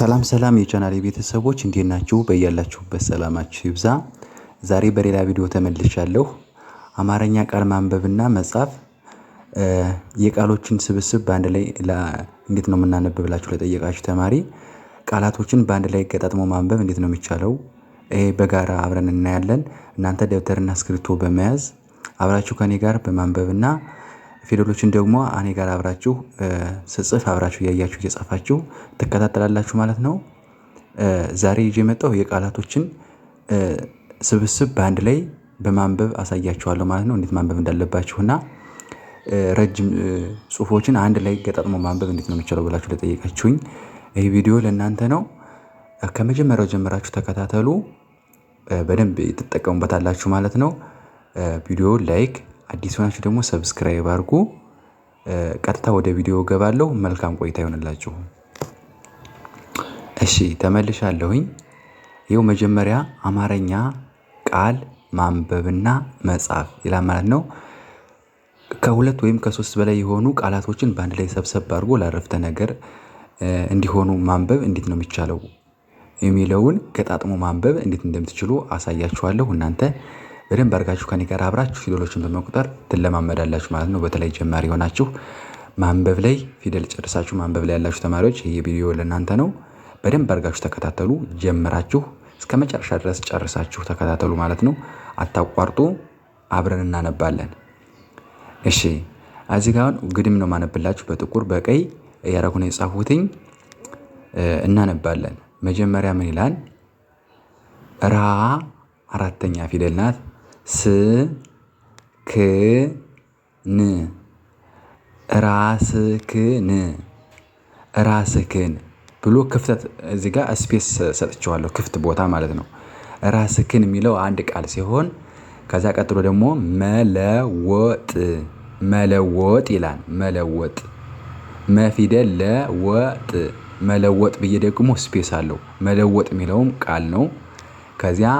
ሰላም ሰላም የቻናል ቤተሰቦች እንዴት ናችሁ? በያላችሁበት ሰላማችሁ ይብዛ። ዛሬ በሌላ ቪዲዮ ተመልሻለሁ። አማርኛ ቃል ማንበብና መጻፍ የቃሎችን ስብስብ በአንድ ላይ እንዴት ነው እናነብብላችሁ ለጠየቃችሁ ተማሪ ቃላቶችን በአንድ ላይ ገጣጥሞ ማንበብ እንዴት ነው የሚቻለው? ይሄ በጋራ አብረን እናያለን። እናንተ ደብተርና እስክሪብቶ በመያዝ አብራችሁ ከኔ ጋር በማንበብና ፊደሎችን ደግሞ እኔ ጋር አብራችሁ ስጽፍ አብራችሁ እያያችሁ እየጻፋችሁ ትከታተላላችሁ ማለት ነው። ዛሬ ይዤ የመጣው የቃላቶችን ስብስብ በአንድ ላይ በማንበብ አሳያችኋለሁ ማለት ነው። እንዴት ማንበብ እንዳለባችሁና ረጅም ጽሁፎችን አንድ ላይ ገጣጥሞ ማንበብ እንዴት ነው የሚቻለው ብላችሁ ለጠየቃችሁኝ ይህ ቪዲዮ ለእናንተ ነው። ከመጀመሪያው ጀምራችሁ ተከታተሉ። በደንብ ትጠቀሙበታላችሁ ማለት ነው። ቪዲዮ ላይክ አዲስ ሆናችሁ ደግሞ ሰብስክራይብ አድርጉ። ቀጥታ ወደ ቪዲዮ ገባለሁ። መልካም ቆይታ ይሆንላችሁ። እሺ ተመልሻለሁኝ። ይኸው መጀመሪያ አማርኛ ቃል ማንበብና መጻፍ ይላል ማለት ነው። ከሁለት ወይም ከሶስት በላይ የሆኑ ቃላቶችን በአንድ ላይ ሰብሰብ አድርጎ ላረፍተ ነገር እንዲሆኑ ማንበብ እንዴት ነው የሚቻለው የሚለውን ገጣጥሞ ማንበብ እንዴት እንደምትችሉ አሳያችኋለሁ እናንተ በደንብ አድርጋችሁ ከኔ ጋር አብራችሁ ፊደሎችን በመቁጠር ትለማመዳላችሁ ማለት ነው። በተለይ ጀማሪ የሆናችሁ ማንበብ ላይ ፊደል ጨርሳችሁ ማንበብ ላይ ያላችሁ ተማሪዎች ይህ ቪዲዮ ለእናንተ ነው። በደንብ አድርጋችሁ ተከታተሉ። ጀምራችሁ እስከ መጨረሻ ድረስ ጨርሳችሁ ተከታተሉ ማለት ነው። አታቋርጡ። አብረን እናነባለን። እሺ እዚህ ጋር ግድም ነው ማነብላችሁ። በጥቁር በቀይ ያረኩን የጻፉትኝ እናነባለን። መጀመሪያ ምን ይላል? ራ አራተኛ ፊደል ናት። ስክን ራስክን ራስክን ብሎ ክፍተት እዚህ ጋር ስፔስ ሰጥቼዋለሁ ክፍት ቦታ ማለት ነው። ራስክን የሚለው አንድ ቃል ሲሆን ከዛ ቀጥሎ ደግሞ መለወጥ መለወጥ ይላል መለወጥ መፊደል ለወጥ መለወጥ ብዬ ደግሞ ስፔስ አለው መለወጥ የሚለውም ቃል ነው። ከዚያ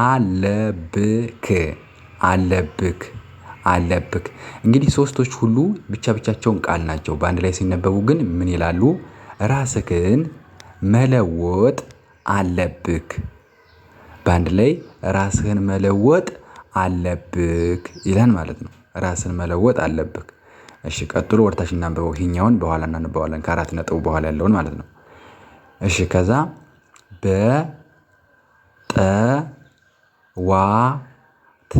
አለብክ አለብክ አለብክ እንግዲህ ሶስቶች ሁሉ ብቻ ብቻቸውን ቃል ናቸው። በአንድ ላይ ሲነበቡ ግን ምን ይላሉ? ራስክን መለወጥ አለብክ። በአንድ ላይ ራስህን መለወጥ አለብክ ይላል ማለት ነው። ራስን መለወጥ አለብክ። እሺ ቀጥሎ ወደታች እናንበበው። ይሄኛውን በኋላ እናንበዋለን፣ ከአራት ነጥብ በኋላ ያለውን ማለት ነው። እሺ ከዛ በጠ ዋት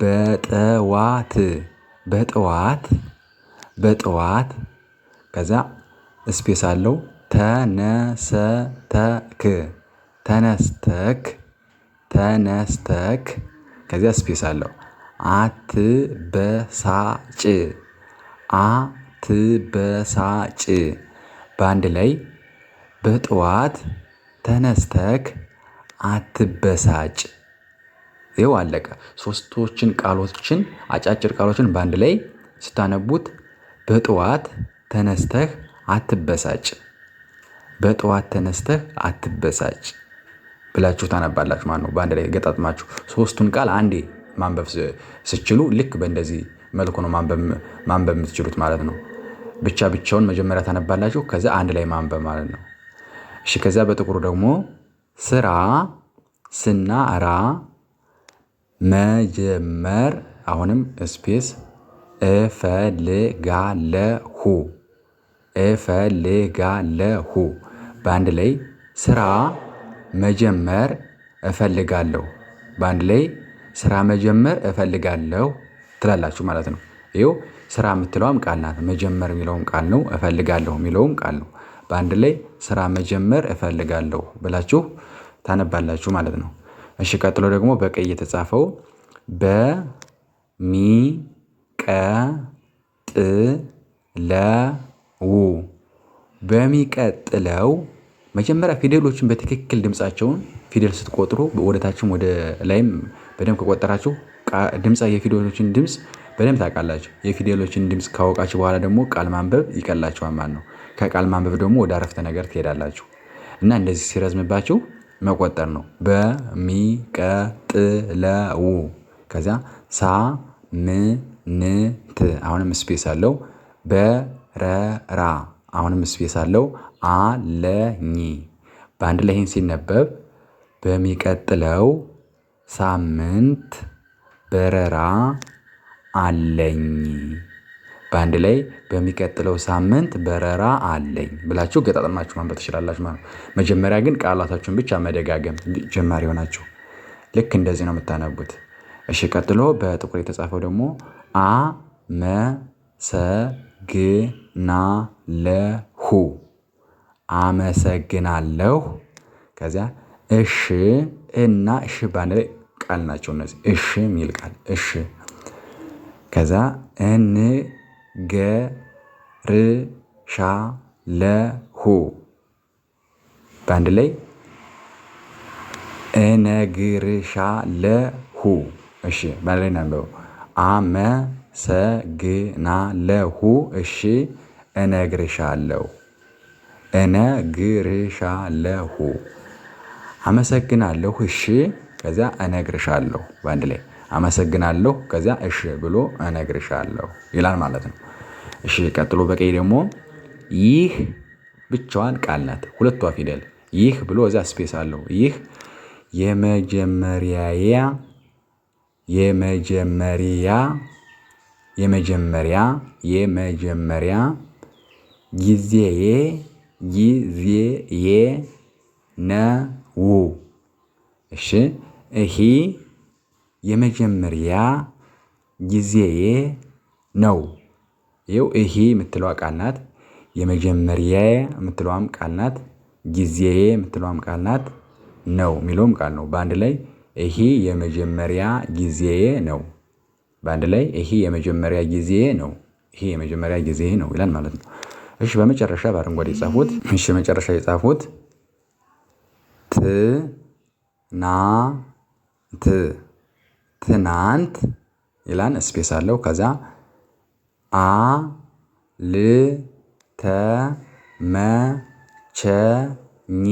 በጠዋት በጠዋት በጠዋት ከዛ ስፔስ አለው ተነስተክ ተነስተክ ተነስተክ ከዚያ ስፔስ አለው አትበሳጭ አትበሳጭ በአንድ ላይ በጠዋት ተነስተክ አትበሳጭ ይኸው አለቀ። ሶስቶችን ቃሎችን አጫጭር ቃሎችን በአንድ ላይ ስታነቡት በጠዋት ተነስተህ አትበሳጭ፣ በጠዋት ተነስተህ አትበሳጭ ብላችሁ ታነባላችሁ ማለት ነው። በአንድ ላይ ገጣጥማችሁ ሶስቱን ቃል አንዴ ማንበብ ስችሉ ልክ በእንደዚህ መልኩ ነው ማንበብ የምትችሉት ማለት ነው። ብቻ ብቻውን መጀመሪያ ታነባላችሁ፣ ከዛ አንድ ላይ ማንበብ ማለት ነው። እሺ ከዛ በጥቁሩ ደግሞ ስራ ስናራ መጀመር አሁንም ስፔስ እፈልጋለሁ እፈልጋለሁ በአንድ ላይ ስራ መጀመር እፈልጋለሁ በአንድ ላይ ስራ መጀመር እፈልጋለሁ ትላላችሁ ማለት ነው። ይኸው ስራ የምትለዋም ቃል ናት መጀመር የሚለውም ቃል ነው እፈልጋለሁ የሚለውም ቃል ነው። በአንድ ላይ ስራ መጀመር እፈልጋለሁ ብላችሁ ታነባላችሁ ማለት ነው። እሺ ቀጥሎ ደግሞ በቀይ የተጻፈው በሚቀጥለው በሚቀጥለው መጀመሪያ ፊደሎችን በትክክል ድምፃቸውን ፊደል ስትቆጥሩ ወደታችም ወደ ላይም በደንብ ከቆጠራችሁ ድምፃ የፊደሎችን ድምፅ በደንብ ታውቃላችሁ። የፊደሎችን ድምፅ ካወቃችሁ በኋላ ደግሞ ቃል ማንበብ ይቀላችኋል ማለት ነው። ከቃል ማንበብ ደግሞ ወደ አረፍተ ነገር ትሄዳላችሁ እና እንደዚህ ሲረዝምባችሁ መቆጠር ነው። በሚቀጥለው ከዚያ ሳምንት አሁንም ስፔስ አለው። በረራ አሁንም ስፔስ አለው። አለኝ በአንድ ላይ ይህን ሲነበብ በሚቀጥለው ሳምንት በረራ አለኝ በአንድ ላይ በሚቀጥለው ሳምንት በረራ አለኝ ብላችሁ ገጣጥማችሁ ማንበብ ትችላላችሁ ማለት ነው። መጀመሪያ ግን ቃላታችሁን ብቻ መደጋገም ጀማሪ ሆናችሁ ልክ እንደዚህ ነው የምታነቡት። እሺ፣ ቀጥሎ በጥቁር የተጻፈው ደግሞ አ መ ሰ ግ ና ለ ሁ አመሰግናለሁ። ከዚያ እሺ እና እሺ በአንድ ላይ ቃል ናቸው እነዚህ። እሺ የሚል ቃል እሺ። ከዛ እን ገርሻለሁ በአንድ ላይ እነግርሻለሁ እሺ በአንድ ላይ ናንበው አመሰግናለሁ እሺ እነግርሻለሁ እነግርሻለሁ አመሰግናለሁ እሺ ከዚያ እነግርሻለሁ በአንድ ላይ አመሰግናለሁ ከዚያ እሺ ብሎ እነግርሻለሁ ይላል ማለት ነው። እሺ ቀጥሎ በቀኝ ደግሞ ይህ ብቻዋን ቃል ናት። ሁለቷ ፊደል ይህ ብሎ እዚያ ስፔስ አለው። ይህ የመጀመሪያ የመጀመሪያ የመጀመሪያ የመጀመሪያ ጊዜዬ ጊዜዬ ነው። እሺ ይሄ የመጀመሪያ ጊዜዬ ነው። ይኸው ይሄ የምትለዋ ቃል ናት። የመጀመሪያ የምትለዋም ቃል ናት። ጊዜዬ የምትለዋም ቃል ናት። ነው የሚለውም ቃል ነው። በአንድ ላይ ይሄ የመጀመሪያ ጊዜዬ ነው። በአንድ ላይ ይሄ የመጀመሪያ ጊዜዬ ነው። ይሄ የመጀመሪያ ጊዜዬ ነው ይላል ማለት ነው። እሺ በመጨረሻ በአረንጓዴ የጻፉት እሺ በመጨረሻ የጻፉት ት ና ት ትናንት ይላን ስፔስ አለው። ከዛ አ ል ተ መ ቸ ኝ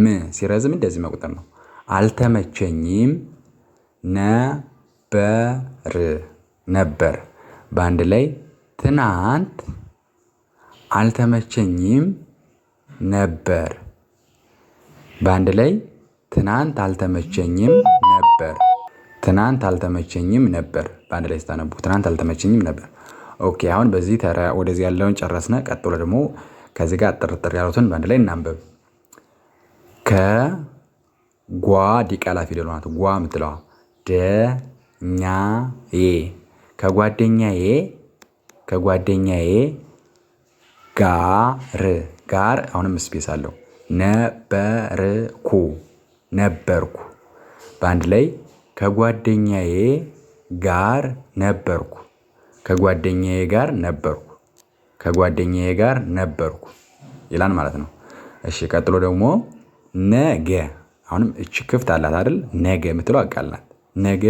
ም ሲረዝም እንደዚህ መቁጠር ነው። አልተመቸኝም ነበር ነበር። በአንድ ላይ ትናንት አልተመቸኝም ነበር። በአንድ ላይ ትናንት አልተመቸኝም ነበር። ትናንት አልተመቸኝም ነበር። በአንድ ላይ ስታነቡ ትናንት አልተመቸኝም ነበር። ኦኬ አሁን በዚህ ተራ ወደዚህ ያለውን ጨረስነ። ቀጥሎ ደግሞ ከዚህ ጋር ጥርጥር ያሉትን በአንድ ላይ እናንበብ። ከጓ ዲቃላ ፊደል ናት ጓ የምትለዋ ደኛዬ ከጓደኛዬ ከጓደኛዬ ጋር ጋር አሁንም ስፔስ አለው ነበርኩ ነበርኩ በአንድ ላይ ከጓደኛዬ ጋር ነበርኩ ከጓደኛዬ ጋር ነበርኩ ከጓደኛዬ ጋር ነበርኩ ይላል ማለት ነው። እሺ ቀጥሎ ደግሞ ነገ አሁንም እቺ ክፍት አላት አይደል ነገ የምትለው አቃላት ነገ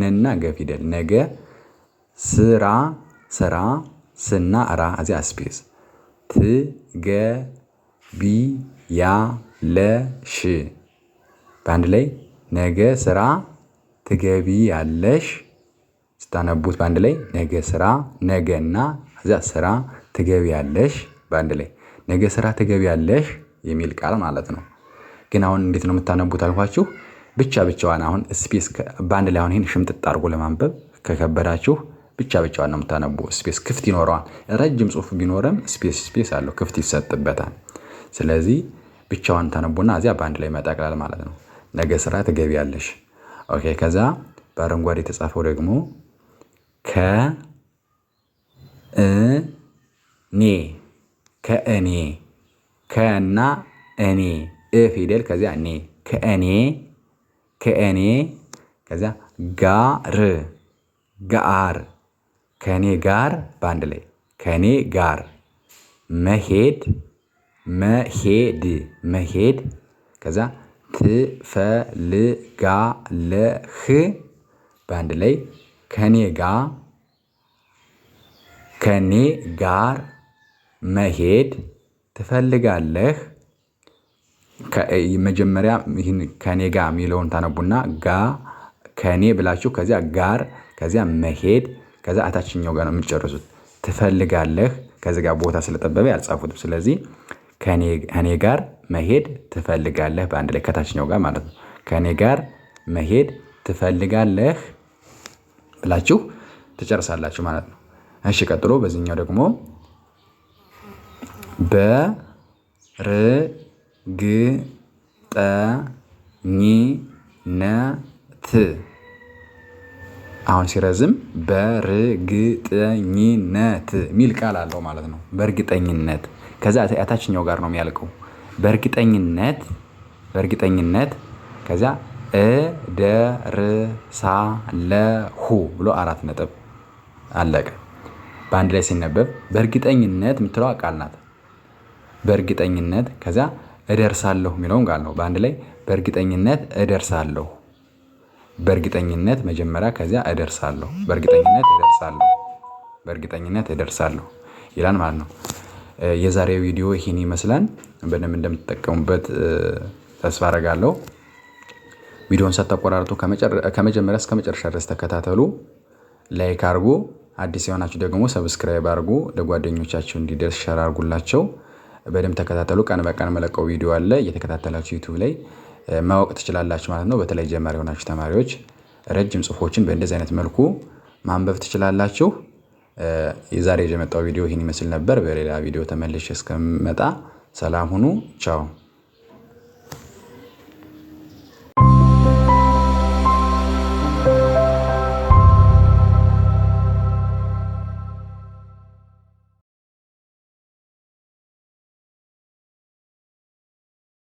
ነና ገ ፊደል ነገ ስራ ስራ ስና ራ እዚያ ስፔስ ትገቢያለሽ በአንድ ላይ ነገ ስራ ትገቢ ያለሽ ስታነቡት በአንድ ላይ ነገ ስራ ነገና ከዚያ ስራ ትገቢ ያለሽ በአንድ ላይ ነገ ስራ ትገቢ ያለሽ የሚል ቃል ማለት ነው። ግን አሁን እንዴት ነው የምታነቡት አልኳችሁ። ብቻ ብቻዋን አሁን ስፔስ በአንድ ላይ አሁን ይህን ሽምጥጥ አድርጎ ለማንበብ ከከበዳችሁ ብቻ ብቻዋን ነው የምታነቡ። ስፔስ ክፍት ይኖረዋል። ረጅም ጽሁፍ ቢኖረም ስፔስ ስፔስ አለው ክፍት ይሰጥበታል። ስለዚህ ብቻዋን ታነቡና እዚያ በአንድ ላይ መጠቅላል ማለት ነው። ነገ ስራ ያለሽ ኦኬ ከዛ በአረንጓዴ የተጻፈው ደግሞ ከእኔ ከእኔ ከና እኔ እ ፊደል ከዚያ እኔ ከእኔ ከእኔ ከዚያ ጋር ጋር ከእኔ ጋር በአንድ ላይ ከእኔ ጋር መሄድ መሄድ መሄድ ከዛ ትፈልጋለህ? በአንድ ላይ ከኔ ጋር ከኔ ጋር መሄድ ትፈልጋለህ? መጀመሪያ ይህን ከኔ ጋር የሚለውን ታነቡና ጋ ከኔ ብላችሁ ከዚያ ጋር ከዚያ መሄድ ከዚያ አታችኛው ጋር ነው የምትጨርሱት። ትፈልጋለህ ከዚ ጋር ቦታ ስለጠበበ ያልጻፉትም ስለዚህ ከእኔ ጋር መሄድ ትፈልጋለህ? በአንድ ላይ ከታችኛው ጋር ማለት ነው። ከእኔ ጋር መሄድ ትፈልጋለህ? ብላችሁ ትጨርሳላችሁ ማለት ነው። እሺ ቀጥሎ በዚህኛው ደግሞ በርግጠኝነት አሁን ሲረዝም በርግጠኝነት የሚል ቃል አለው ማለት ነው። በእርግጠኝነት ከዛ ያታችኛው ጋር ነው የሚያልቀው። በእርግጠኝነት በእርግጠኝነት ከዛ እደርሳለሁ ብሎ አራት ነጥብ አለቀ። በአንድ ላይ ሲነበብ በእርግጠኝነት የምትለው ቃል ናት። በእርግጠኝነት ከዛ እደርሳለሁ የሚለውን ቃል ነው። በአንድ ላይ በእርግጠኝነት እደርሳለሁ። በእርግጠኝነት መጀመሪያ ከዚያ እደርሳለሁ። በእርግጠኝነት እደርሳለሁ። በእርግጠኝነት እደርሳለሁ ይላል ማለት ነው። የዛሬ ቪዲዮ ይህን ይመስላል። በደንብ እንደምትጠቀሙበት ተስፋ አረጋለሁ። ቪዲዮን ሳታቆራርጡ ከመጀመሪያ እስከ መጨረሻ ድረስ ተከታተሉ። ላይክ አድርጉ። አዲስ የሆናችሁ ደግሞ ሰብስክራይብ አርጉ ለጓደኞቻችሁ እንዲደርስ ሸር አርጉላቸው በደንብ ተከታተሉ። ቀን በቀን መለቀው ቪዲዮ አለ። እየተከታተላችሁ ዩቱብ ላይ ማወቅ ትችላላችሁ ማለት ነው። በተለይ ጀማሪ የሆናችሁ ተማሪዎች ረጅም ጽሁፎችን በእንደዚህ አይነት መልኩ ማንበብ ትችላላችሁ። የዛሬ የመጣው ቪዲዮ ይህን ይመስል ነበር። በሌላ ቪዲዮ ተመልሼ እስከምመጣ ሰላም ሁኑ። ቻው